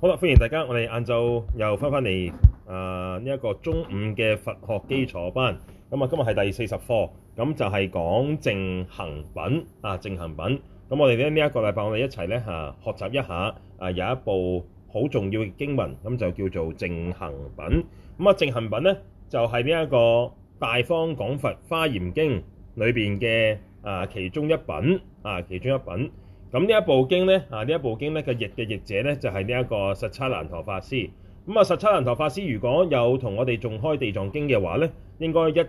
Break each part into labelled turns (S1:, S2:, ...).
S1: 好啦，歡迎大家！我哋晏晝又翻返嚟啊，呢一個中午嘅佛學基礎班。咁、嗯、啊，今日係第四十課，咁、嗯、就係講淨行品啊。淨行品。咁我哋咧呢一個禮拜，我哋、這個、一齊咧嚇學習一下啊！有一部好重要嘅經文，咁、嗯、就叫做淨行品。咁、嗯、啊，淨行品咧就係呢一個《大方廣佛華嚴經裏面》裏邊嘅啊，其中一品啊，其中一品。啊。咁呢一部經咧啊，呢一部經咧嘅譯嘅譯者咧就係呢一個實叉難陀法師。咁啊，實叉難陀法師如果有同我哋仲開地藏經嘅話咧，應該一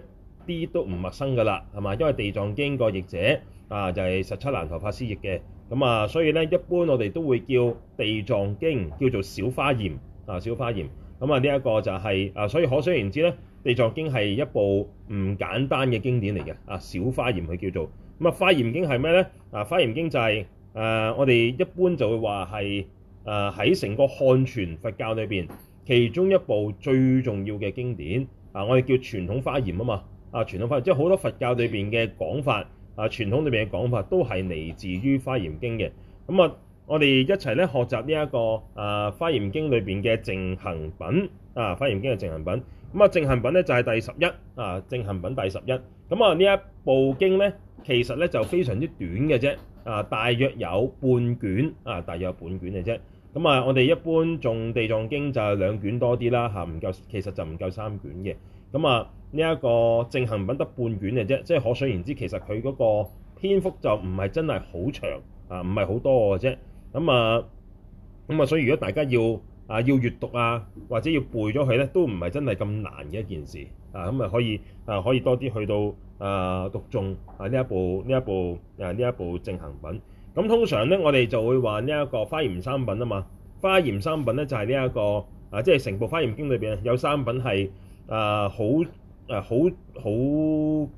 S1: 啲都唔陌生噶啦，係嘛？因為地藏經個譯者啊就係實叉難陀法師譯嘅。咁啊，所以咧一般我哋都會叫地藏經叫做小華嚴啊，小華嚴。咁啊，呢一個就係、是、啊，所以可想而知咧，地藏經係一部唔簡單嘅經典嚟嘅啊，小華嚴佢叫做咁啊。華嚴經係咩咧？啊，華嚴經就係、是。誒，uh, 我哋一般就會話係誒喺成個漢傳佛教裏邊，其中一部最重要嘅經典啊，uh, 我哋叫傳統華嚴啊嘛，啊、uh, 傳統華嚴，即係好多佛教裏邊嘅講法啊，uh, 傳統裏邊嘅講法都係嚟自於華嚴經嘅。咁啊，我哋一齊咧學習呢、這、一個誒、uh, 華嚴經裏邊嘅淨行品啊，華嚴經嘅淨行品。咁啊，淨行品咧就係、是、第十一啊，uh, 淨行品第十一。咁啊，呢一部經咧其實咧就非常之短嘅啫。啊，大約有半卷啊，大約有半卷嘅啫。咁啊，我哋一般種《地藏經》就係兩卷多啲啦，嚇、啊、唔夠，其實就唔夠三卷嘅。咁啊，呢、這、一個淨行品得半卷嘅啫，即、啊、係可想而知，其實佢嗰個篇幅就唔係真係好長啊，唔係好多嘅啫。咁啊，咁啊，啊，所以如果大家要啊，要閲讀啊，或者要背咗佢咧，都唔係真係咁難嘅一件事。啊，咁啊可以啊，可以多啲去到啊讀誦啊呢一部呢、啊、一部誒呢一部淨行品。咁通常咧，我哋就會話呢一個華嚴三品啊嘛。華嚴三品咧就係呢一個啊，即係成部華嚴經裏邊有三品係啊好啊好好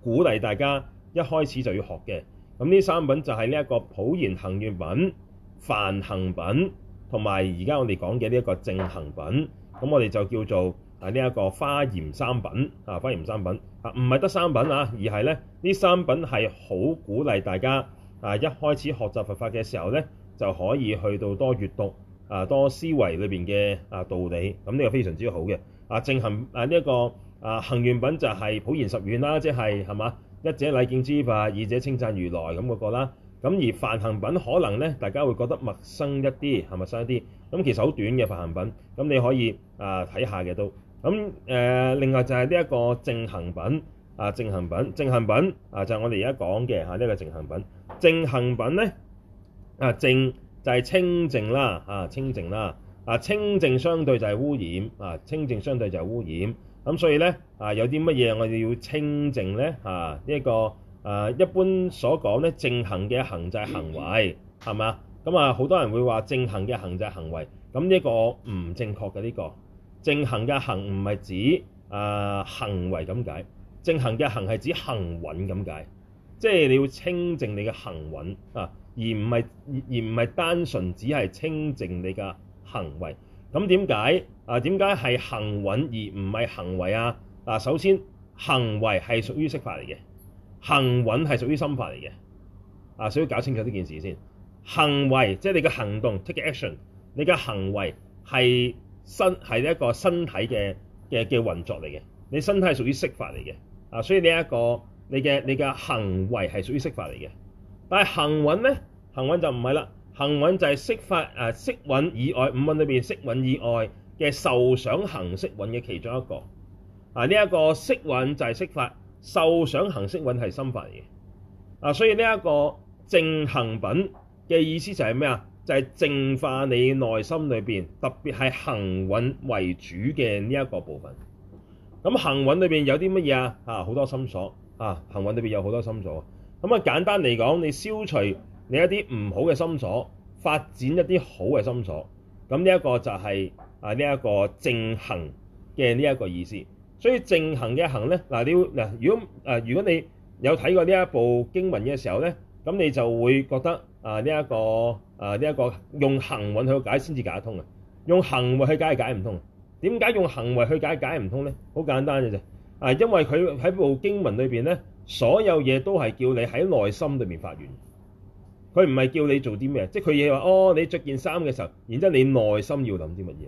S1: 鼓勵大家一開始就要學嘅。咁呢三品就係呢一個普賢行願品、梵行品。同埋而家我哋講嘅呢一個淨行品，咁我哋就叫做啊呢一個華嚴三品，啊華嚴三品啊唔係得三品，三品啊，而係咧呢三品係好鼓勵大家啊一開始學習佛法嘅時候咧就可以去到多閱讀啊多思維裏邊嘅啊道理，咁呢個非常之好嘅啊淨行啊呢一、這個啊行願品就係普賢十願啦，即係係嘛，一者禮敬諸佛，二者稱讚如來咁嗰個啦。咁而梵行品可能咧，大家會覺得陌生一啲，係咪陌生一啲？咁其實好短嘅梵行品，咁你可以啊睇下嘅都。咁誒，另外就係呢一個淨行品啊，淨行品、淨行品啊，就係我哋而家講嘅嚇呢個淨行品。淨行品咧啊，淨就係清淨啦，啊清淨啦，啊清淨相對就係污染啊，清淨相對就係污染。咁所以咧啊，有啲乜嘢我哋要清淨咧啊？呢、這個誒、uh, 一般所講咧，淨行嘅行就係行為，係嘛？咁啊，好多人會話淨行嘅行就係行為，咁呢個唔正確嘅呢個。淨行嘅行唔係指誒、呃、行為咁解，淨行嘅行係指行蘊咁解，即係你要清淨你嘅行蘊啊，而唔係而唔係單純只係清淨你嘅行為。咁點解？啊，點解係行蘊而唔係行為啊？嗱，首先行為係屬於色法嚟嘅。行蘊係屬於心法嚟嘅，啊，所以搞清楚呢件事先。行為即係你嘅行動，take action。你嘅行為係身係一個身體嘅嘅嘅運作嚟嘅。你身體係屬於色法嚟嘅，啊，所以呢一個你嘅你嘅行為係屬於色法嚟嘅。但係行蘊咧，行蘊就唔係啦。行蘊就係色法啊，色蘊以外五蘊裏邊色蘊以外嘅受想行識蘊嘅其中一個。啊，呢一個色蘊就係色法。受想行識蘊係心法嚟嘅，啊，所以呢一個淨行品嘅意思就係咩啊？就係、是、淨化你內心裏邊，特別係行蘊為主嘅呢一個部分。咁、啊、行蘊裏邊有啲乜嘢啊？啊，好多心所啊，行蘊裏邊有好多心所。咁啊，啊，簡單嚟講，你消除你一啲唔好嘅心所，發展一啲好嘅心所，咁呢一個就係、是、啊呢一、這個淨行嘅呢一個意思。所以淨行嘅行咧，嗱你嗱如果誒如果你有睇過呢一部經文嘅時候咧，咁你就會覺得啊呢一個啊呢一個用行蘊去解先至解得通嘅，用行為去解係解唔通。點解用行為去解解唔通咧？好簡單嘅啫，啊因為佢喺部經文裏邊咧，所有嘢都係叫你喺內心裏面發願，佢唔係叫你做啲咩，即係佢亦話哦，你着件衫嘅時候，然之後你內心要諗啲乜嘢。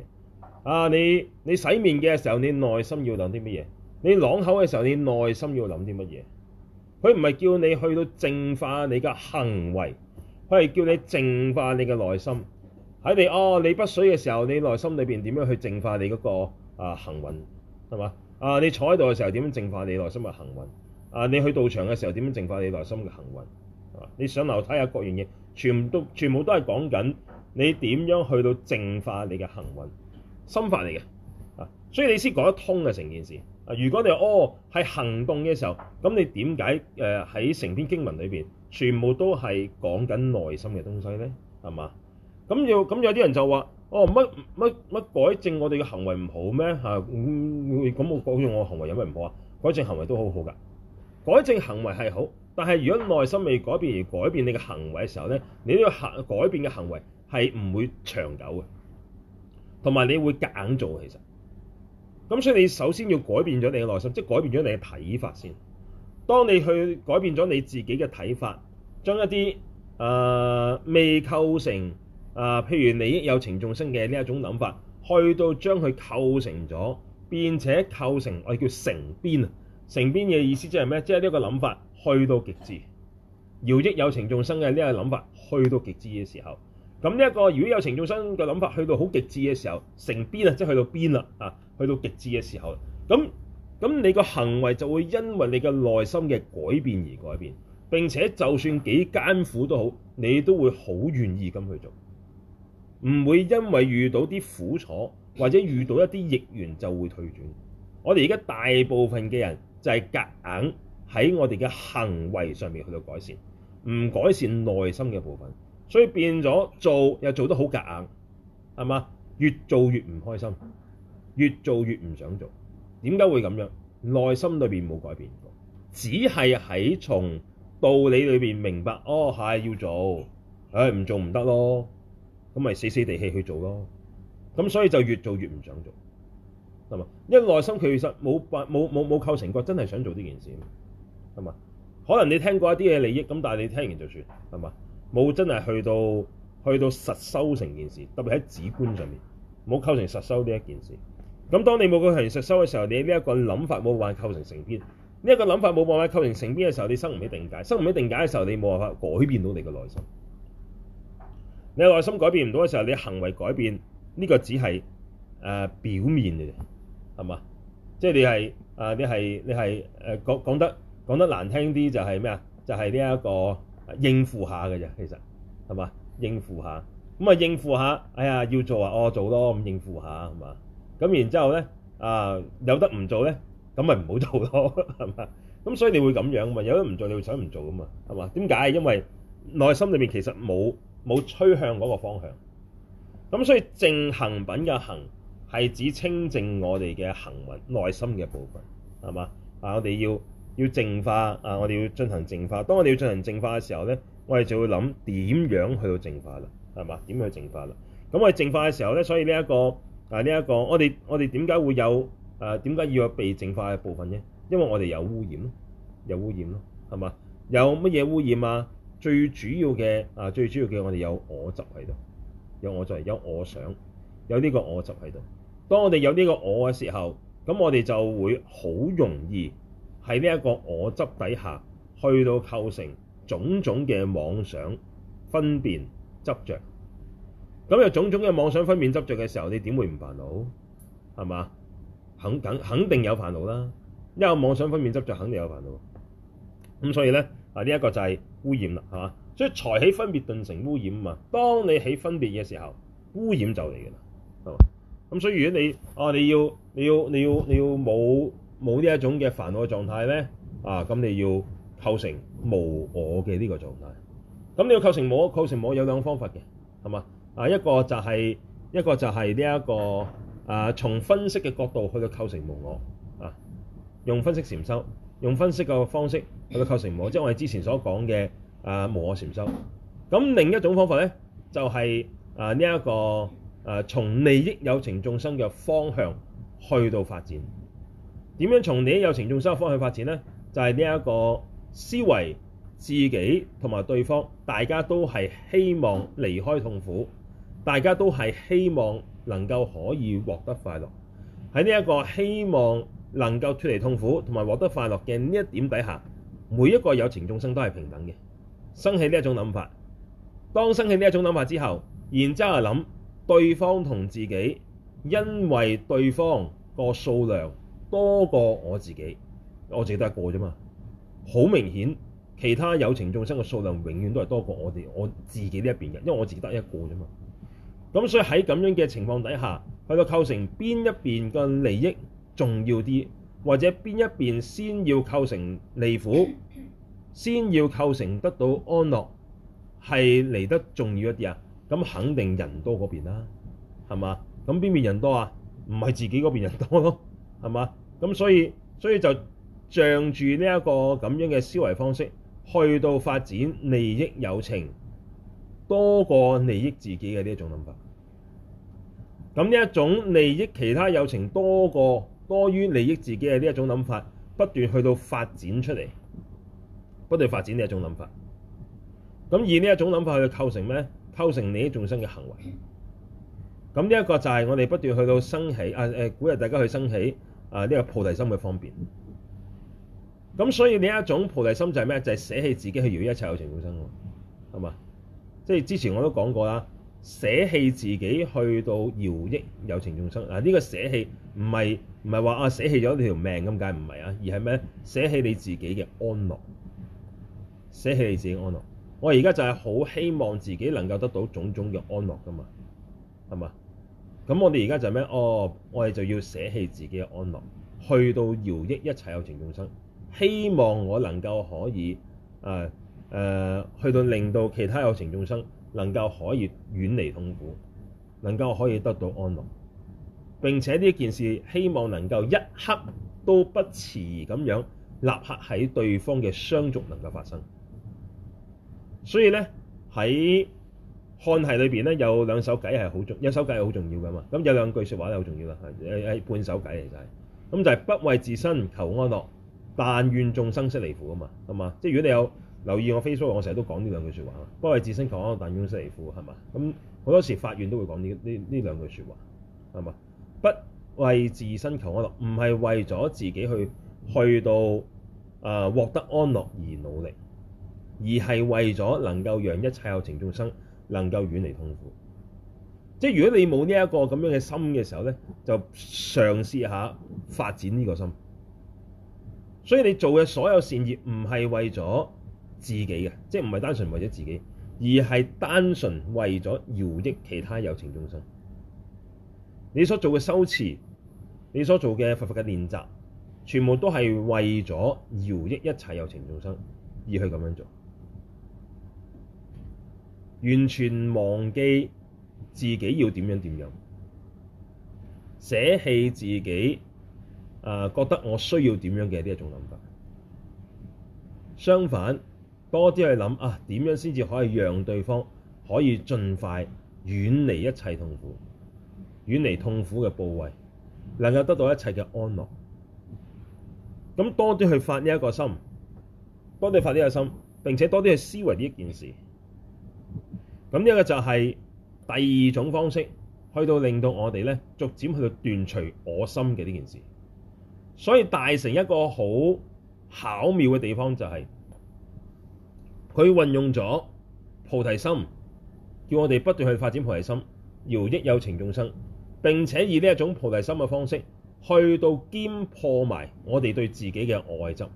S1: 啊！你你洗面嘅時候，你內心要諗啲乜嘢？你朗口嘅時候，你內心要諗啲乜嘢？佢唔係叫你去到淨化你嘅行為，佢係叫你淨化你嘅內心喺你哦。你不水嘅時候，你內心裏邊點樣去淨化你嗰個啊行蘊係嘛？啊，你坐喺度嘅時候，點樣淨化你內心嘅行蘊？啊，你去道場嘅時候，點樣淨化你內心嘅行蘊？係你上樓睇下各樣嘢，全部全部都係講緊你點樣去到淨化你嘅行蘊。心法嚟嘅，啊，所以你先講得通嘅成件事。啊，如果你話哦係行動嘅時候，咁你點解誒喺成篇經文裏邊全部都係講緊內心嘅東西咧？係嘛？咁要咁有啲人就話：哦，乜乜乜改正我哋嘅行為唔好咩？嚇、啊，咁、嗯、我、嗯嗯嗯、改正我行為有咩唔好啊？改正行為都好好㗎，改正行為係好，但係如果內心未改變而改變你嘅行為嘅時候咧，你呢個行改變嘅行為係唔會長久嘅。同埋你會夾硬做，其實咁，所以你首先要改變咗你嘅內心，即係改變咗你嘅睇法先。當你去改變咗你自己嘅睇法，將一啲誒、呃、未構成誒、呃，譬如你有情眾生嘅呢一種諗法，去到將佢構成咗，並且構成我哋叫成邊啊！成邊嘅意思即係咩？即係呢個諗法去到極致，饒益有情眾生嘅呢一個諗法去到極致嘅時候。咁呢一個如果有情眾生嘅諗法去到好極致嘅時候，成邊啊，即係去到邊啦啊，去到極致嘅時候，咁咁你個行為就會因為你嘅內心嘅改變而改變。並且就算幾艱苦都好，你都會好願意咁去做，唔會因為遇到啲苦楚或者遇到一啲逆緣就會退轉。我哋而家大部分嘅人就係夾硬喺我哋嘅行為上面去到改善，唔改善內心嘅部分。所以變咗做又做得好夾硬，係嘛？越做越唔開心，越做越唔想做。點解會咁樣？內心裏邊冇改變過，只係喺從道理裏邊明白，哦係要做，誒、哎、唔做唔得咯，咁咪死死地氣去做咯。咁所以就越做越唔想做，係嘛？因為內心其實冇冇冇冇構成過真係想做呢件事，係嘛？可能你聽過一啲嘢利益，咁但係你聽完就算，係嘛？冇真係去到去到實修成件事，特別喺止觀上面冇構成實修呢一件事。咁當你冇構成實修嘅時候，你呢一個諗法冇辦法構成成邊。呢、這、一個諗法冇辦法構成成邊嘅時候，你生唔起定解，生唔起定解嘅時候，你冇辦法改變到你嘅內心。你內心改變唔到嘅時候，你行為改變呢、這個只係誒、呃、表面嘅啫，係嘛？即係你係誒、呃、你係你係誒、呃、講講得講得難聽啲就係咩啊？就係呢一個。應付下嘅啫，其實係嘛？應付下咁啊，應付下。哎呀，要做啊，我、哦、做咯咁、嗯、應付下係嘛？咁然之後咧，啊、呃、有得唔做咧，咁咪唔好做咯係嘛？咁所以你會咁樣嘛？有得唔做你會想唔做啊嘛？係嘛？點解？因為內心裏面其實冇冇趨向嗰個方向。咁所以淨行品嘅行係指清淨我哋嘅行為內心嘅部分係嘛？啊，但我哋要。要淨化啊！我哋要進行淨化。當我哋要進行淨化嘅時候咧，我哋就會諗點樣去到淨化啦，係嘛？點樣去淨化啦？咁我哋淨化嘅時候咧，所以呢一個啊，呢一個我哋我哋點解會有誒點解要有被淨化嘅部分啫？因為我哋有污染咯，有污染咯，係嘛？有乜嘢污染啊？最主要嘅啊，最主要嘅我哋有我執喺度，有我在，有我想，有呢個我執喺度。當我哋有呢個我嘅時候，咁我哋就會好容易。喺呢一個我執底下，去到構成種種嘅妄想、分辨、執着。咁有種種嘅妄想、分辨、執着嘅時候，你點會唔煩惱？係嘛？肯肯肯定有煩惱啦，因為妄想、分辨、執着肯定有煩惱。咁、嗯、所以咧，啊呢一、這個就係污染啦，係嘛？所以才起分別頓成污染啊嘛。當你起分別嘅時候，污染就嚟嘅啦，係嘛？咁、嗯、所以如果你啊，你要你要你要你要冇。冇呢一種嘅煩惱嘅狀態咧，啊，咁你要構成無我嘅呢個狀態。咁你要構成無我，構成無我有兩種方法嘅，係嘛？啊，一個就係一個就係呢一個啊，從分析嘅角度去到構成無我啊，用分析禪修，用分析嘅方式去到構成無我，即係我哋之前所講嘅啊無我禪修。咁另一種方法咧就係、是、啊呢一個啊從利益有情眾生嘅方向去到發展。點樣從你有情眾生嘅方向去發展呢？就係呢一個思維，自己同埋對方，大家都係希望離開痛苦，大家都係希望能夠可以獲得快樂。喺呢一個希望能夠脫離痛苦同埋獲得快樂嘅呢一點底下，每一個有情眾生都係平等嘅。生起呢一種諗法，當生起呢一種諗法之後，然之後諗對方同自己，因為對方個數量。多過我自己，我自己得一個啫嘛。好明顯，其他有情眾生嘅數量永遠都係多過我哋我自己呢一邊嘅，因為我自己得一個啫嘛。咁所以喺咁樣嘅情況底下，去到構成邊一邊嘅利益重要啲，或者邊一邊先要構成離苦，先要構成得到安樂，係嚟得重要一啲啊？咁肯定人多嗰邊啦、啊，係嘛？咁邊邊人多啊？唔係自己嗰邊人多咯，係嘛？咁所以，所以就仗住呢一個咁樣嘅思維方式，去到發展利益友情多過利益自己嘅呢一種諗法。咁呢一種利益其他友情多過多於利益自己嘅呢一種諗法，不斷去到發展出嚟，不斷發展呢一種諗法。咁以呢一種諗法去構成咩？構成利益眾生嘅行為。咁呢一個就係我哋不斷去到生起，啊誒，鼓勵大家去生起。啊！呢個菩提心嘅方便，咁、啊、所以呢一種菩提心就係咩？就係、是、捨棄自己去饒一切有情眾生喎，係嘛？即係之前我都講過啦，捨棄自己去到饒益有情眾生。啊！呢、這個捨棄唔係唔係話啊捨棄咗你條命咁解，唔係啊，而係咩？捨捨棄你自己嘅安樂，捨棄你自己安樂。我而家就係好希望自己能夠得到種種嘅安樂㗎嘛，係嘛？咁我哋而家就咩？哦、oh，我哋就要捨棄自己嘅安樂，去到饒益一切有情眾生。希望我能夠可以誒誒、呃呃，去到令到其他有情眾生能夠可以遠離痛苦，能夠可以得到安樂。並且呢件事，希望能夠一刻都不遲疑咁樣，立刻喺對方嘅相續能夠發生。所以呢，喺漢係裏邊咧有兩首偈係好重，有首偈係好重要㗎嘛。咁有兩句説話咧好重要㗎，係係半首偈其實嚟㗎。咁就係不為自身求安樂，但願眾生悉離苦啊嘛。係嘛，即係如果你有留意我 Facebook，我成日都講呢兩句説話。不為自身求安樂，但願眾生悉離苦係嘛。咁好多時法院都會講呢呢呢兩句説話係嘛。不為自身求安樂，唔係為咗自己去去到誒、呃、獲得安樂而努力，而係為咗能夠讓一切有情眾生，能夠遠離痛苦，即係如果你冇呢一個咁樣嘅心嘅時候呢，就嘗試下發展呢個心。所以你做嘅所有善業唔係為咗自己嘅，即係唔係單純為咗自己，而係單純為咗饒益其他有情眾生。你所做嘅修持，你所做嘅佛法嘅練習，全部都係為咗饒益一切有情眾生而去咁樣做。完全忘記自己要點樣點樣，捨棄自己，誒、啊、覺得我需要點樣嘅呢一種諗法。相反，多啲去諗啊，點樣先至可以讓對方可以盡快遠離一切痛苦，遠離痛苦嘅部位，能夠得到一切嘅安樂。咁多啲去發呢一個心，多啲發呢個心，並且多啲去思維呢一件事。咁呢一個就係第二種方式，去到令到我哋咧逐漸去到斷除我心嘅呢件事。所以大乘一個好巧妙嘅地方就係、是，佢運用咗菩提心，叫我哋不斷去發展菩提心，饒益有情眾生，並且以呢一種菩提心嘅方式，去到兼破埋我哋對自己嘅愛執。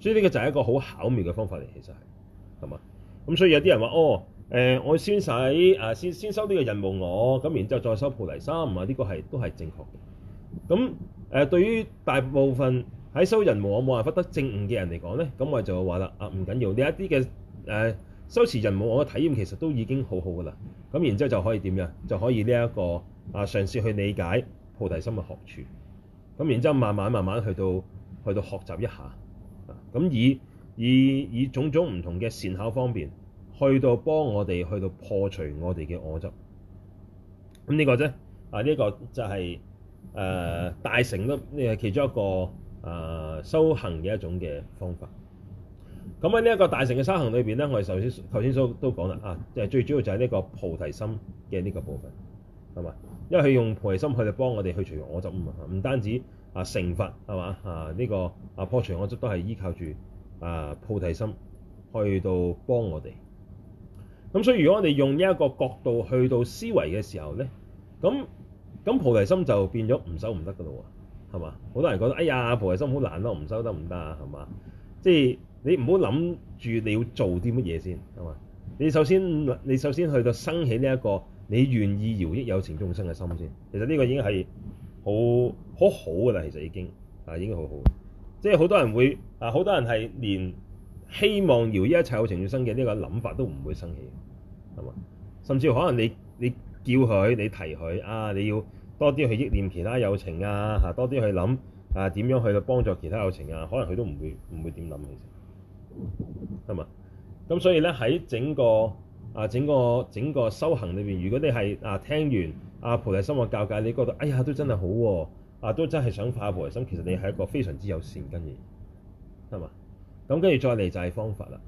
S1: 所以呢個就係一個好巧妙嘅方法嚟，其實係係嘛。咁所以有啲人話哦，誒、呃、我先使誒、啊、先先修呢嘅人無我，咁然之後再修菩提心，啊呢、這個係都係正確嘅。咁誒、呃、對於大部分喺修人無我冇辦法得正悟嘅人嚟講咧，咁我就話啦，啊唔緊要，呢一啲嘅誒修持人無我嘅體驗其實都已經好好噶啦。咁然之後就可以點樣？就可以呢、這、一個啊嘗試去理解菩提心嘅學處。咁然之後慢慢慢慢去到去到學習一下啊，咁以。以以種種唔同嘅善巧方便去到幫我哋去到破除我哋嘅我執。咁呢個啫，啊，呢、這個就係、是、誒、呃、大乘都誒其中一個誒、呃、修行嘅一種嘅方法。咁喺呢一個大乘嘅修行裏邊咧，我哋首先頭先都都講啦啊，就最主要就係呢個菩提心嘅呢個部分係嘛，因為佢用菩提心去到幫我哋去除我執啊嘛，唔單止啊成佛係嘛啊呢、這個啊破除我執都係依靠住。啊！菩提心去到幫我哋，咁所以如果我哋用呢一個角度去到思維嘅時候咧，咁咁菩提心就變咗唔修唔得噶咯喎，係嘛？好多人覺得，哎呀菩提心好難咯，唔修得唔得啊，係嘛？即係你唔好諗住你要做啲乜嘢先，係嘛？你首先你首先去到生起呢、這、一個你願意饒益有情眾生嘅心先，其實呢個已經係好好好噶啦，其實已經啊，已經好好。即係好多人會啊，好多人係連希望緣一切有情要生嘅呢個諗法都唔會生起，係嘛？甚至乎可能你你叫佢你提佢啊，你要多啲去憶念其他有情啊，嚇多啲去諗啊，點、啊、樣去幫助其他有情啊？可能佢都唔會唔會點諗嘅，係嘛？咁所以咧，喺整個啊整個整個修行裏邊，如果你係啊聽完阿、啊、菩提心嘅教解，你覺得哎呀都真係好喎、啊。啊，都真係想化菩提心，其實你係一個非常之有善根嘅，係嘛？咁跟住再嚟就係方法啦，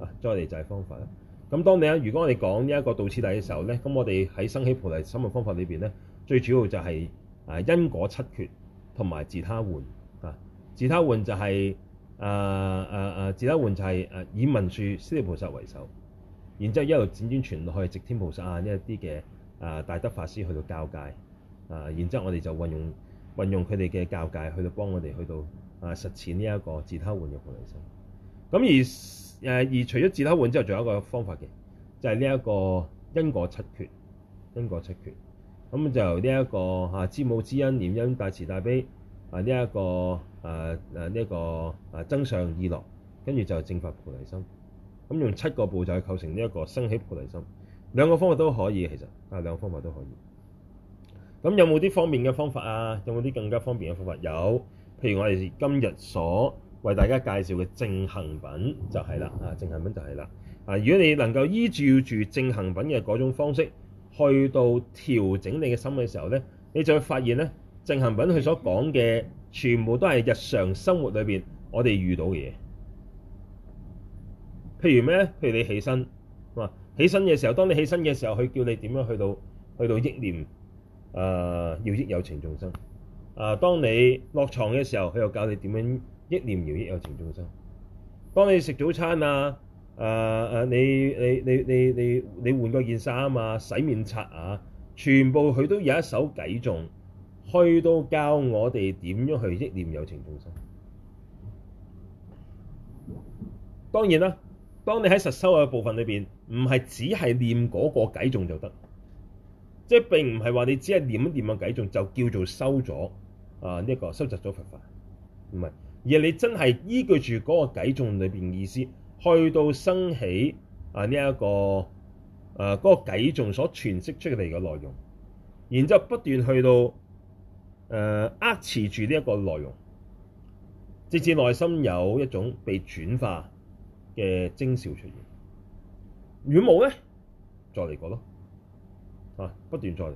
S1: 啊，再嚟就係方法啦。咁當你啦，如果我哋講呢一個道次第嘅時候咧，咁我哋喺生起菩提心嘅方法裏邊咧，最主要就係啊因果七缺同埋自他換啊，自他換就係啊啊啊自他換就係誒以文殊、師利菩薩為首，然之後一路輾轉傳落去，寂天菩薩啊呢一啲嘅啊大德法師去到教界啊，然之後我哋就運用。運用佢哋嘅教界去，去到幫我哋去到啊實踐呢一個自他換嘅菩提心。咁而誒、啊、而除咗自他換之後，仲有一個方法嘅，就係呢一個因果七缺，因果七缺。咁就呢、這、一個嚇、啊、知母知恩念恩、大慈大悲啊呢一、這個誒誒呢一個誒增上意樂，跟住就正法菩提心。咁用七個步驟去構成呢一個生起菩提心。兩個方法都可以，其實啊兩個方法都可以。咁有冇啲方便嘅方法啊？有冇啲更加方便嘅方法？有，譬如我哋今日所為大家介紹嘅淨行品就係啦，啊，淨行品就係啦。啊，如果你能夠依照住淨行品嘅嗰種方式去到調整你嘅心嘅時候咧，你就會發現咧，淨行品佢所講嘅全部都係日常生活裏邊我哋遇到嘅嘢。譬如咩？譬如你起身，哇！起身嘅時候，當你起身嘅時候，佢叫你點樣去到去到憶念。誒、啊，要益有情眾生。誒、啊，當你落床嘅時候，佢又教你點樣憶念、饒益有情眾生。當你食早餐啊，誒、啊、誒，你你你你你你換過件衫啊，洗面刷啊，全部佢都有一首偈頌，去到教我哋點樣去憶念有情眾生。當然啦，當你喺實修嘅部分裏邊，唔係只係念嗰個偈頌就得。即係並唔係話你只係念一念個偈誦就叫做收咗啊呢一、這個收集咗佛法？唔係，而係你真係依據住嗰個偈誦裏邊意思，去到生起啊呢一、這個啊嗰、這個偈誦所傳釋出嚟嘅內容，然之後不斷去到誒握、啊、持住呢一個內容，直至內心有一種被轉化嘅徵兆出現。如果冇咧，再嚟過咯。啊！不斷再嚟，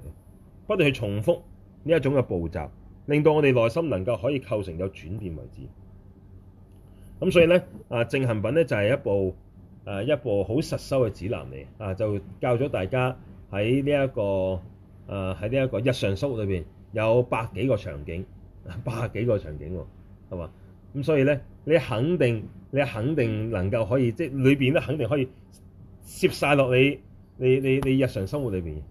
S1: 不斷去重複呢一種嘅步驟，令到我哋內心能夠可以構成有轉變為止。咁所以咧，啊淨行品咧就係一部啊一部好實修嘅指南嚟啊，就教咗大家喺呢一個啊喺呢一個日常生活裏邊有百幾個場景，百幾個場景喎、啊，係嘛？咁所以咧，你肯定你肯定能夠可以即係裏邊咧，肯定可以攝晒落你你你你，你日常生活裏邊。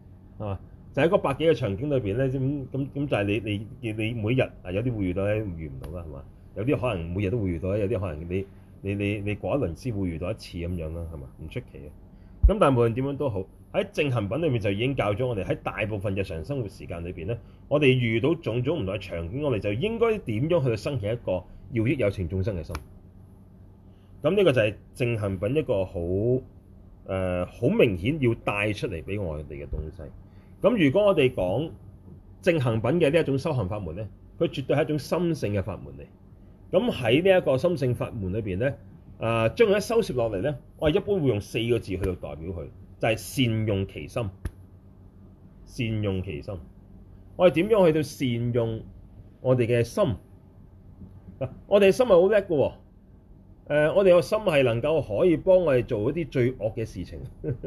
S1: 係嘛，啊？就喺嗰百幾個場景裏邊咧，咁咁咁就係你你你你每日啊，有啲會遇到咧，遇唔到啦係嘛？有啲可能每日都會遇到咧，有啲可能你你你你過一輪先會遇到一次咁樣啦，係嘛？唔出奇嘅。咁但係無論點樣都好，喺淨行品裏面就已經教咗我哋喺大部分日常生活時間裏邊咧，我哋遇到種種唔同嘅場景，我哋就應該點樣去生起一個要益有情眾生嘅心。咁呢個就係淨行品一個好誒好明顯要帶出嚟俾我哋嘅東西。咁如果我哋講淨行品嘅呢一種修行法門咧，佢絕對係一種心性嘅法門嚟。咁喺呢一個心性法門裏邊咧，啊將佢一收攝落嚟咧，我係一般會用四個字去到代表佢，就係、是、善用其心。善用其心，我哋點樣去到善用我哋嘅心？我哋嘅心係好叻嘅喎。我哋嘅心係、哦呃、能夠可以幫我哋做一啲最惡嘅事情，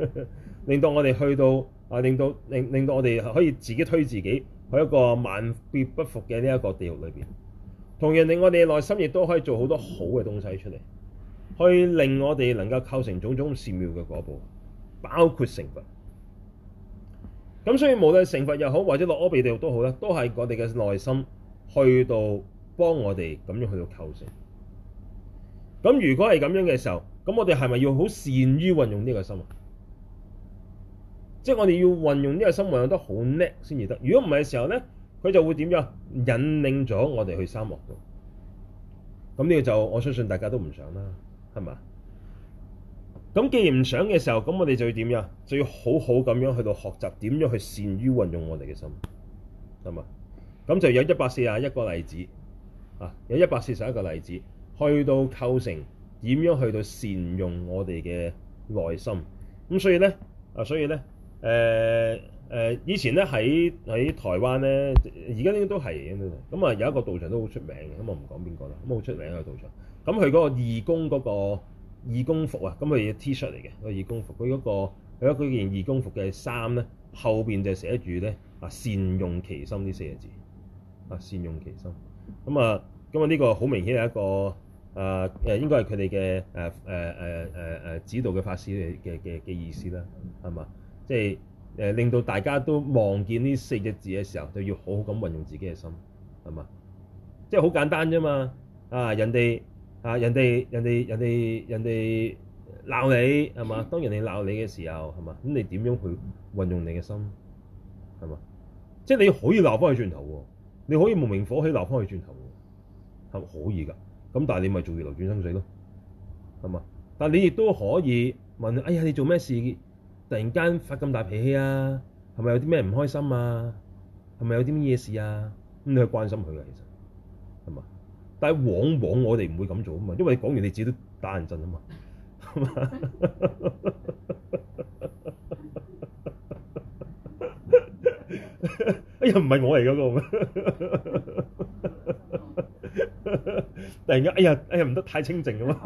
S1: 令到我哋去到。啊！令到令令到我哋可以自己推自己去一個萬劫不復嘅呢一個地獄裏邊，同樣令我哋內心亦都可以做好多好嘅東西出嚟，去令我哋能夠構成種種善妙嘅果報，包括成佛。咁所以無論係成佛又好，或者落阿鼻地獄都好啦，都係我哋嘅內心去到幫我哋咁樣去到構成。咁如果係咁樣嘅時候，咁我哋係咪要好善於運用呢個心啊？即係我哋要運用呢個心，運用得好叻先至得。如果唔係嘅時候咧，佢就會點樣引領咗我哋去沙漠度。咁呢個就我相信大家都唔想啦，係嘛？咁既然唔想嘅時候，咁我哋就要點樣？就要好好咁樣去到學習點樣去善於運用我哋嘅心，係嘛？咁就有一百四十一個例子啊，有一百四十一個例子去到構成點樣去到善用我哋嘅內心。咁所以咧啊，所以咧。誒誒，以前咧喺喺台灣咧，而家應該都係咁啊。有一個道場都好出名嘅，咁我唔講邊個啦。咁好出名嘅道場。咁佢嗰個義工，嗰個義工服啊，咁佢 T 恤嚟嘅個義工服。佢嗰，佢嗰件義工服嘅衫咧，後邊就寫住咧啊，善用其心呢四個字啊，善用其心。咁啊，咁啊，呢個好明顯係一個啊誒，應該係佢哋嘅誒誒誒誒指導嘅法師嘅嘅嘅意思啦，係嘛？即係誒、呃，令到大家都望見呢四隻字嘅時候，就要好好咁運用自己嘅心，係嘛？即係好簡單啫嘛！啊，人哋啊，人哋人哋人哋人哋鬧你係嘛？當人哋鬧你嘅時候係嘛？咁你點樣去運用你嘅心係嘛？即係你可以鬧返佢轉頭喎，你可以無名火起鬧返佢轉頭喎，係可以㗎。咁但係你咪做逆流轉生死咯，係嘛？但係你亦都可以問：哎呀，你做咩事？突然間發咁大脾氣啊，係咪有啲咩唔開心啊？係咪有啲咩嘢事啊？咁你去關心佢嘅其實，係嘛？但係往往我哋唔會咁做啊嘛，因為你講完你自己都打人陣啊嘛，係嘛？ 哎呀，唔係我嚟嗰個突然間，哎呀，哎呀，唔得太清靜咁嘛。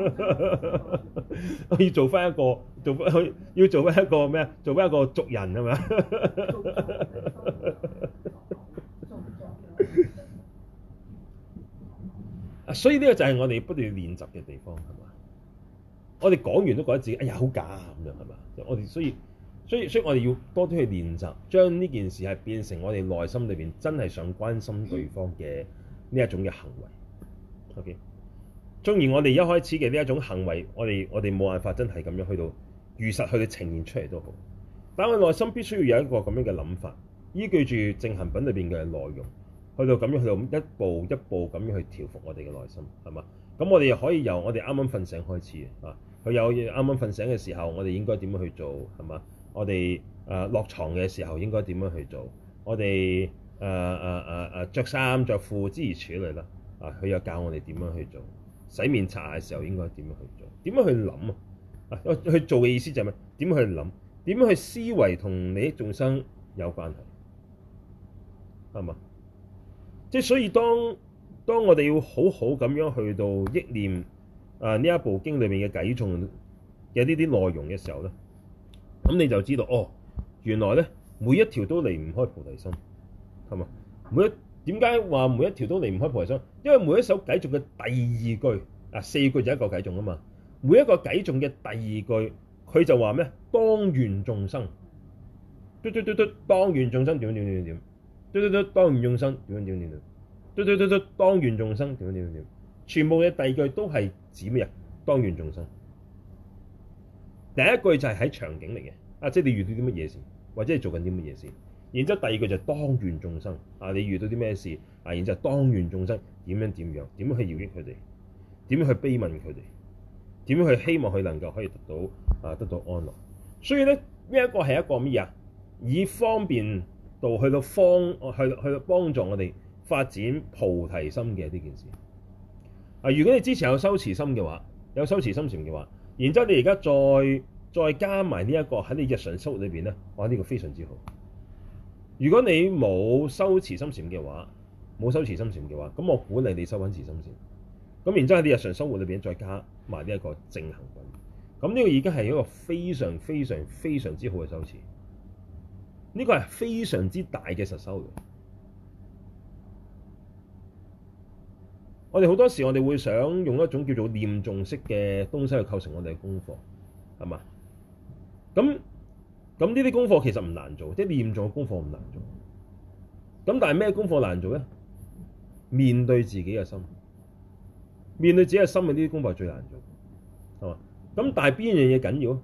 S1: 我 要做翻一個，做翻去？要做翻一個咩？做翻一個族人係咪啊？ 所以呢個就係我哋不斷練習嘅地方係嘛？我哋講完都覺得自己哎呀好假啊咁樣係嘛？我哋所以所以所以我哋要多啲去練習，將呢件事係變成我哋內心裏邊真係想關心對方嘅呢一種嘅行為。OK。縱然我哋一開始嘅呢一種行為，我哋我哋冇辦法真係咁樣去到如實去呈現出嚟都好，但我內心必須要有一個咁樣嘅諗法，依據住淨行品裏邊嘅內容去到咁樣去到一步一步咁樣去調伏我哋嘅內心，係嘛？咁我哋又可以由我哋啱啱瞓醒開始啊。佢有啱啱瞓醒嘅時候，我哋應該點樣去做係嘛？我哋誒落床嘅時候應該點樣去做？我哋誒誒誒誒著衫着褲之餘處理啦啊！佢又教我哋點樣去做。洗面刷嘅時候應該點樣去做？點樣去諗啊？啊，去做嘅意思就係咩？點樣去諗？點樣去思維同你啲眾生有關係？係嘛？即係所以當當我哋要好好咁樣去到憶念啊呢一部經裏面嘅偈誦嘅呢啲內容嘅時候咧，咁你就知道哦，原來咧，每一條都離唔開菩提心，係嘛？每一點解話每一條都離唔開菩提心？因為每一首偈頌嘅第二句啊，四句就一個偈頌啊嘛。每一個偈頌嘅第二句，佢就話咩？當願眾生，嘟嘟嘟嘟，當願眾生點點點點，嘟嘟嘟，當願眾生點點點點，嘟嘟嘟嘟，當願眾生點點點點。全部嘅第二句都係指咩？當願眾生。第一句就係喺場景嚟嘅，啊，即係你遇到啲乜嘢事，或者係做緊啲乜嘢事。然之後，第二句就當願眾生啊，你遇到啲咩事啊？然之後當眾怎樣怎樣，當願眾生點樣點樣點樣去饒益佢哋，點樣去悲憫佢哋，點樣去希望佢能夠可以得到啊，得到安樂。所以咧，呢、這個、一個係一個咩啊？以方便度去到方去去幫助我哋發展菩提心嘅呢件事啊。如果你之前有修持心嘅話，有修持心情嘅話，然之後你而家再再加埋呢一個喺你日常生活裏邊咧，哇！呢、這個非常之好。如果你冇修慈心禪嘅話，冇修慈心禪嘅話，咁我鼓勵你修慈心禪，咁然之後喺你日常生活裏邊再加埋呢一個淨行品，咁呢個已經係一個非常非常非常之好嘅修持，呢、這個係非常之大嘅實修。我哋好多時我哋會想用一種叫做念誦式嘅東西去構成我哋嘅功課，係嘛？咁。咁呢啲功課其實唔難做，即係念誦功課唔難做。咁但係咩功課難做咧？面對自己嘅心，面對自己嘅心嘅呢啲功課係最難做，係嘛？咁但係邊樣嘢緊要？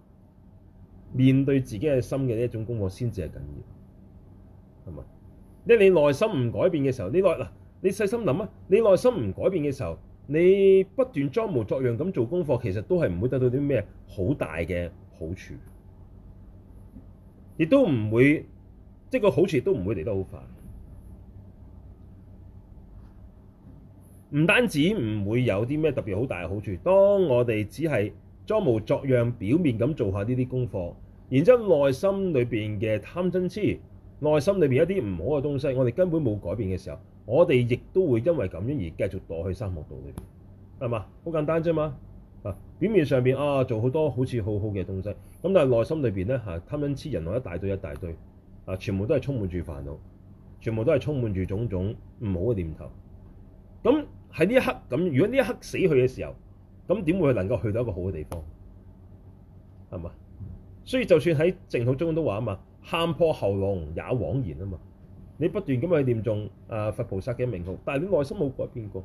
S1: 面對自己嘅心嘅呢一種功課先至係緊要，係嘛？因為你內心唔改變嘅時候，你內嗱你細心諗啊，你內心唔改變嘅時候，你不斷裝模作樣咁做功課，其實都係唔會得到啲咩好大嘅好處。亦都唔會，即個好處亦都唔會嚟得好快。唔單止唔會有啲咩特別好大嘅好處，當我哋只係裝模作樣、表面咁做下呢啲功課，然之後內心裏邊嘅貪嗔痴，內心裏邊一啲唔好嘅東西，我哋根本冇改變嘅時候，我哋亦都會因為咁樣而繼續墮去三惡道裏邊，係嘛？好簡單啫嘛！啊，表面上面啊，做好多好似好好嘅東西，咁但係內心裏邊咧，吓貪嗔痴人我一大堆一大堆，啊，全部都係充滿住煩惱，全部都係充滿住種種唔好嘅念頭。咁喺呢一刻，咁如果呢一刻死去嘅時候，咁點會能夠去到一個好嘅地方？係嘛？所以就算喺淨土中都話啊嘛，喊破喉嚨也枉然啊嘛。你不斷咁去念誦啊佛菩薩嘅名號，但係你內心冇改變過。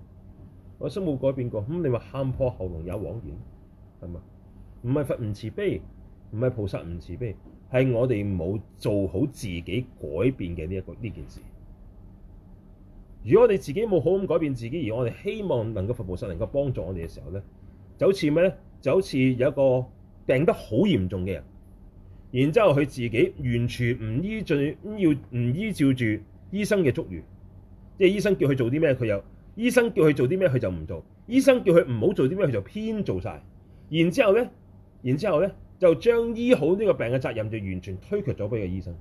S1: 我心冇改變過，咁你話喊破喉嚨有枉然，係嘛？唔係佛唔慈悲，唔係菩薩唔慈悲，係我哋冇做好自己改變嘅呢一個呢件事。如果我哋自己冇好咁改變自己，而我哋希望能夠佛菩薩能夠幫助我哋嘅時候咧，就好似咩咧？就好似有一個病得好嚴重嘅人，然之後佢自己完全唔依最要唔依照住醫生嘅足語，即係醫生叫佢做啲咩佢又。醫生叫佢做啲咩，佢就唔做；醫生叫佢唔好做啲咩，佢就偏做晒。然之後咧，然之後咧，就將醫好呢個病嘅責任就完全推卻咗俾個醫生。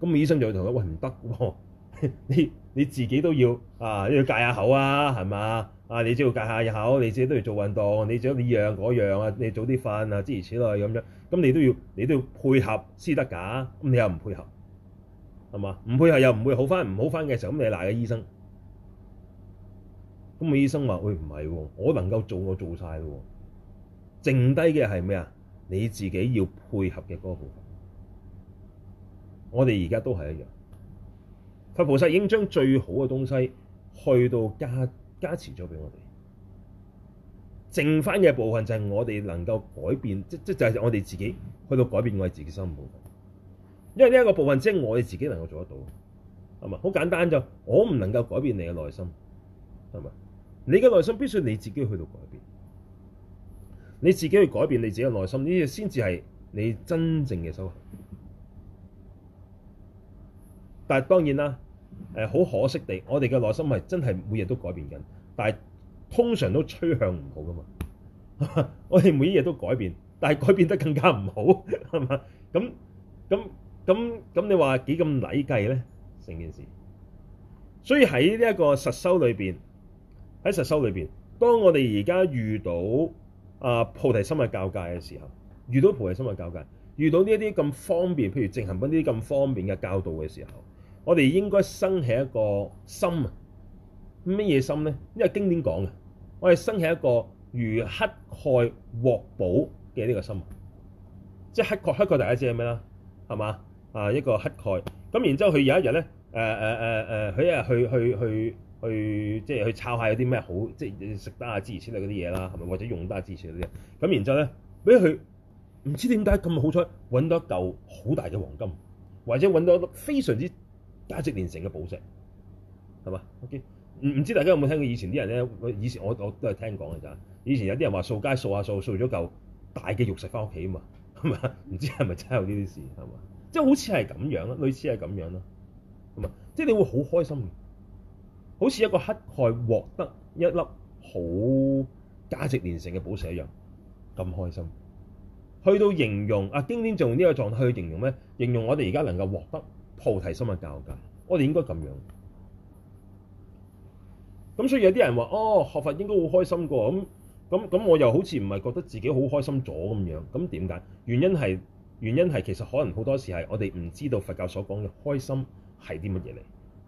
S1: 咁個醫生就會同佢，喂，唔得喎！ 你你自己都要啊，你要戒下口啊，係嘛？啊，你只要戒下口，你自己都要做運動，你做呢樣嗰樣啊，你早啲瞓啊，之如此類咁樣。咁你都要，你都要配合先得㗎。咁你又唔配合，係嘛？唔配合又唔會好翻，唔好翻嘅時候咁你賴個醫生，醫生。咁個醫生話，喂，唔係喎，我能夠做，我做曬咯，剩低嘅係咩啊？你自己要配合嘅嗰部分。我哋而家都係一樣。佛菩薩已經將最好嘅東西去到加加持咗俾我哋，剩翻嘅部分就係我哋能夠改變，即即就係、是、我哋自己去到改變我哋自己心部分。因為呢一個部分只係我哋自己能夠做得到，係咪？好簡單就我唔能夠改變你嘅內心，係咪？你嘅內心必須你自己去到改變，你自己去改變你自己嘅內心，呢啲先至係你真正嘅修行。但係當然啦，誒好可惜地，我哋嘅內心係真係每日都改變緊，但係通常都趨向唔好噶嘛。 我哋每日都改變，但係改變得更加唔好，係嘛？咁咁咁咁，你話幾咁禮計咧？成件事，所以喺呢一個實修裏邊。喺實修裏邊，當我哋而家遇到啊菩提心嘅教界嘅時候，遇到菩提心嘅教界，遇到呢一啲咁方便，譬如淨行品呢啲咁方便嘅教導嘅時候，我哋應該生起一個心啊？乜嘢心咧？因為經典講嘅，我哋生起一個如乞丐獲寶嘅呢個心，即係乞丐，乞丐大家知係咩啦？係嘛，啊一個乞丐，咁然之後佢有一日咧，誒誒誒誒，佢、呃呃呃、一日去去去。去去去去即係去抄下嗰啲咩好，即係食得啊，之類之類嗰啲嘢啦，係咪？或者用得啊，之類之類嗰啲。咁然之後咧，畀佢唔知點解咁好彩，揾到一嚿好大嘅黃金，或者揾到一粒非常之價值連城嘅寶石，係嘛？O K，唔唔知大家有冇聽過以前啲人咧？以前我我都係聽講嘅咋。以前有啲人話掃街掃下掃，掃，掃，掃完咗嚿大嘅玉石返屋企啊嘛，係嘛？唔知係咪真有呢啲事，係嘛？即係好似係咁樣咯，類似係咁樣咯，係嘛？即係你會好開心。好似一個乞丐獲得一粒好價值連城嘅寶石一樣咁開心，去到形容啊，經典就用呢個狀態去形容咩？形容我哋而家能夠獲得菩提心嘅教界，我哋應該咁樣。咁所以有啲人話：哦，學佛應該好開心嘅喎。咁咁咁，我又好似唔係覺得自己好開心咗咁樣。咁點解？原因係原因係其實可能好多時係我哋唔知道佛教所講嘅開心係啲乜嘢嚟。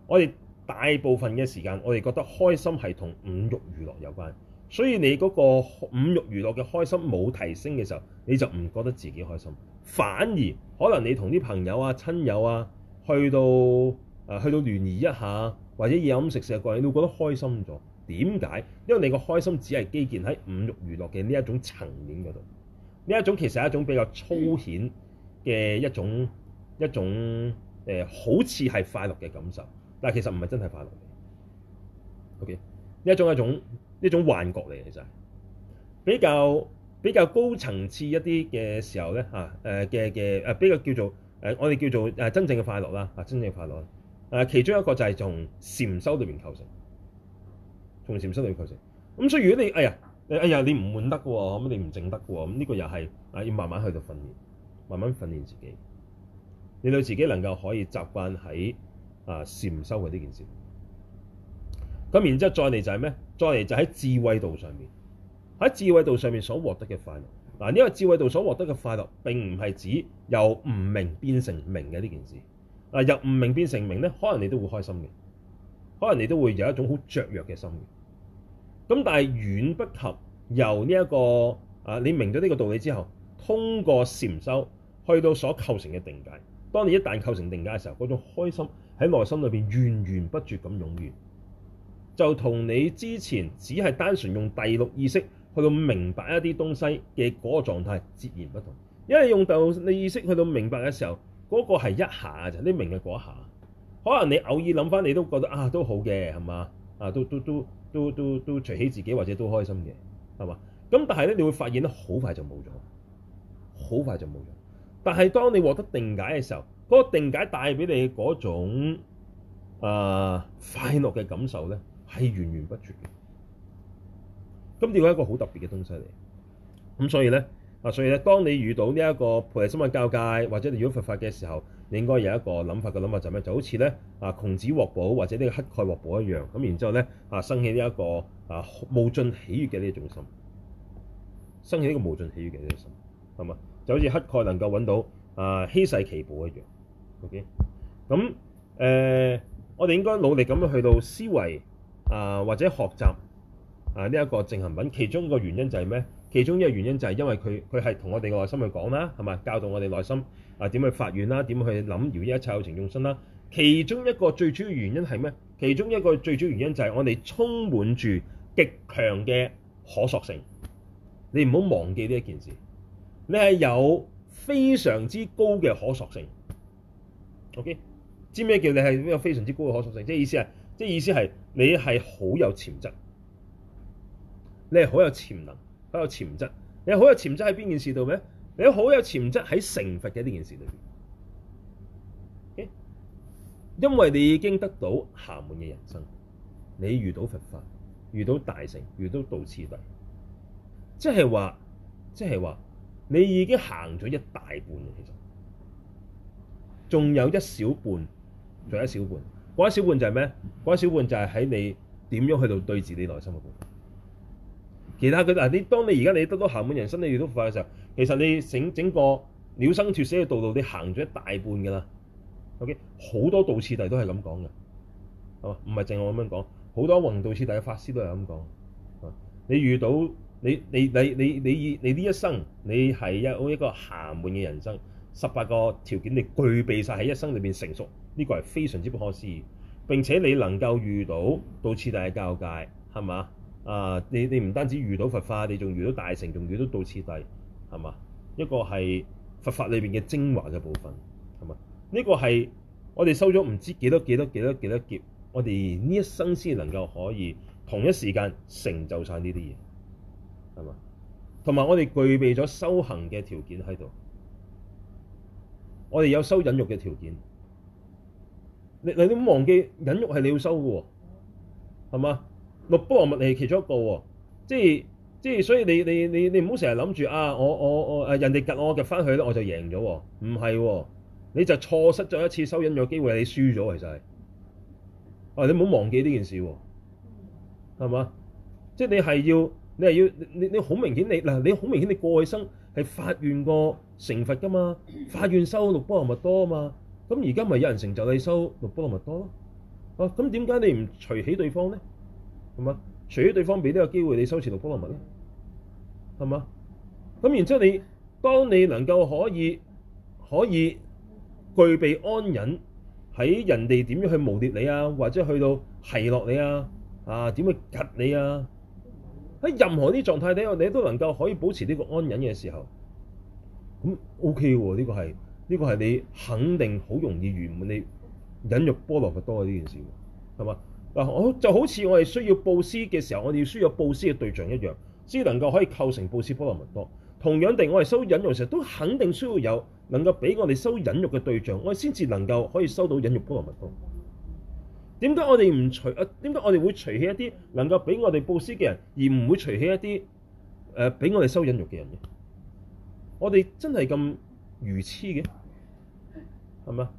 S1: 我哋。大部分嘅時間，我哋覺得開心係同五慾娛樂有關，所以你嗰個五慾娛樂嘅開心冇提升嘅時候，你就唔覺得自己開心。反而可能你同啲朋友啊、親友啊去到誒、呃、去到聯誼一下，或者咁食食個，你都覺得開心咗。點解？因為你個開心只係基建喺五慾娛樂嘅呢一種層面嗰度，呢一種其實係一種比較粗顯嘅一種一種誒、呃，好似係快樂嘅感受。嗱、okay？其實唔係真係快樂嘅，OK？呢一種係一種呢種幻覺嚟嘅，其實比較比較高層次一啲嘅時候咧嚇誒嘅嘅誒比較叫做誒、呃、我哋叫做誒真正嘅快樂啦嚇、啊，真正嘅快樂誒、啊，其中一個就係從禪修裏邊構成，從禪修裏邊構成。咁、嗯、所以如果你哎呀哎呀，哎呀你唔悶得喎，咁你唔靜得喎，咁、嗯、呢、這個又係啊要慢慢去到訓練，慢慢訓練自己，令到自己能夠可以習慣喺。啊！禪修嘅呢件事咁，然之後再嚟就係咩？再嚟就喺智慧道上面喺智慧道上面所獲得嘅快樂嗱。呢、啊這個智慧道所獲得嘅快樂並唔係指由唔明變成明嘅呢件事嗱、啊。由唔明變成明咧，可能你都會開心嘅，可能你都會有一種好雀躍嘅心的。咁、啊、但係遠不及由呢、這、一個啊，你明咗呢個道理之後，通過禪修去到所構成嘅定解。當你一旦構成定解嘅時候，嗰種開心。喺內心裏邊源源不絕咁湧現，就同你之前只係單純用第六意識去到明白一啲東西嘅嗰個狀態截然不同。因為用第六意識去到明白嘅時候，嗰、嗰個係一下就啫，你明嘅嗰一下。可能你偶爾諗翻你都覺得啊，都好嘅係嘛？啊，都都都都都都隨喜自己或者都開心嘅係嘛？咁但係咧，你會發現咧，好快就冇咗，好快就冇咗。但係當你獲得定解嘅時候，嗰個定解帶俾你嗰種、呃、快樂嘅感受咧，係源源不絕嘅。咁點解一個好特別嘅東西嚟？咁所以咧啊，所以咧，當你遇到呢一個菩提心嘅交界，或者你遇到佛法嘅時候，你應該有一個諗法嘅諗法就係咩？就好似咧啊，窮子獲寶或者呢個乞丐獲寶一樣。咁然之後咧啊，生起呢、這、一個啊無盡喜悅嘅呢種心，生起呢個無盡喜悅嘅呢種心，係嘛？就好似乞丐能夠揾到啊稀世奇寶一樣。O.K. 咁誒，我哋應該努力咁去到思維啊、呃，或者學習啊呢一、這個淨行品。其中一個原因就係咩？其中一個原因就係因為佢佢係同我哋嘅內心去講啦，係咪教導我哋內心啊點、呃、去發願啦？點去諗，緣念一切有情眾生啦？其中一個最主要原因係咩？其中一個最主要原因就係我哋充滿住極強嘅可塑性。你唔好忘記呢一件事，你係有非常之高嘅可塑性。OK，知咩叫你係呢個非常之高嘅可塑性？即係意思係，即係意思係，你係好有潛質，你係好有潛能，好有潛質，你好有潛質喺邊件事度咩？你好有潛質喺成佛嘅呢件事裏邊。Okay. 因為，你已經得到暇滿嘅人生，你遇到佛法，遇到大乘，遇到道次第，即係話，即係話，你已經行咗一大半其實。仲有一小半，仲有一小半，嗰一小半就係咩？嗰一小半就係喺你點樣去到對自己內心嘅部分。其他佢嗱，你當你而家你得到暇滿人生，你遇到煩嘅時候，其實你整整個了生脫死嘅道路，你行咗一大半㗎啦。OK，好多道師弟都係咁講嘅，係、啊、嘛？唔係淨我咁樣講，好多宏道師弟、嘅法師都係咁講。你遇到你你你你你你呢一生，你係一一個暇滿嘅人生。十八個條件，你具備晒喺一生裏邊成熟，呢個係非常之不可思議。並且你能夠遇到道次第嘅交界，係嘛？啊，你你唔單止遇到佛法，你仲遇到大乘，仲遇到道次第，係嘛？一個係佛法裏邊嘅精華嘅部分，係嘛？呢個係我哋收咗唔知幾多幾多幾多幾多劫，我哋呢一生先能夠可以同一時間成就晒呢啲嘢，係嘛？同埋我哋具備咗修行嘅條件喺度。我哋有收忍辱嘅條件你，你你唔好忘記忍辱係你要收嘅喎、哦，係嘛？六波羅蜜係其中一個喎、哦，即係即係，所以你你你你唔好成日諗住啊！我我我誒人哋夾我夾翻去咧，我就贏咗喎，唔係喎，你就錯失咗一次收忍辱嘅機會，你輸咗其實係。啊！你唔好忘記呢件事喎、哦，係嘛？即係你係要你係要你你好明顯你嗱你好明顯你過去生。係法院個成佛噶嘛？法院收六波羅蜜多啊嘛，咁而家咪有人成就你收六波羅蜜多咯。啊，咁點解你唔除起對方咧？係嘛？除起對方俾呢個機會你收持六波羅蜜咧？係嘛？咁然之後你當你能夠可以可以具備安忍，喺人哋點樣去誣蔑你啊，或者去到奚落你啊，啊點去窒你啊？喺任何啲狀態底下，你都能夠可以保持呢個安忍嘅時候，咁 O K 喎，呢個係呢個係你肯定好容易圓滿你忍辱波羅蜜多嘅呢件事，係嘛？嗱，我就好似我係需要布施嘅時候，我哋需要布施嘅對象一樣，先能夠可以構成布施波羅蜜多。同樣地，我係收忍辱嘅時候，都肯定需要有能夠俾我哋收忍辱嘅對象，我哋先至能夠可以收到忍辱波羅蜜多。點解我哋唔隨？點解我哋會隨喜一啲能夠俾我哋佈施嘅人，而唔會隨喜一啲誒俾我哋修忍辱嘅人嘅？我哋真係咁愚痴嘅，係咪啊？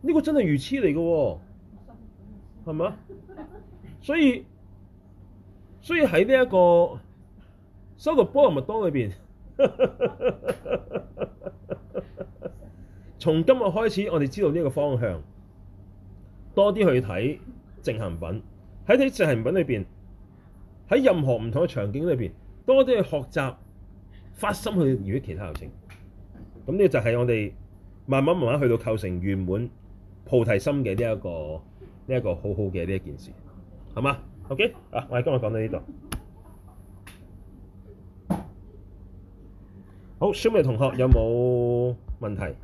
S1: 呢個真係愚痴嚟嘅喎，係咪啊？所以，所以喺呢一個收個波羅蜜多裏邊， 從今日開始，我哋知道呢個方向。多啲去睇淨行品，喺睇淨行品裏邊，喺任何唔同嘅場景裏邊，多啲去學習，發心去與其他流程。咁呢就係我哋慢慢慢慢去到構成圓滿菩提心嘅呢一個呢一個好好嘅呢一件事，係嘛？OK，啊，我哋今日講到呢度。好，小明同學有冇問題？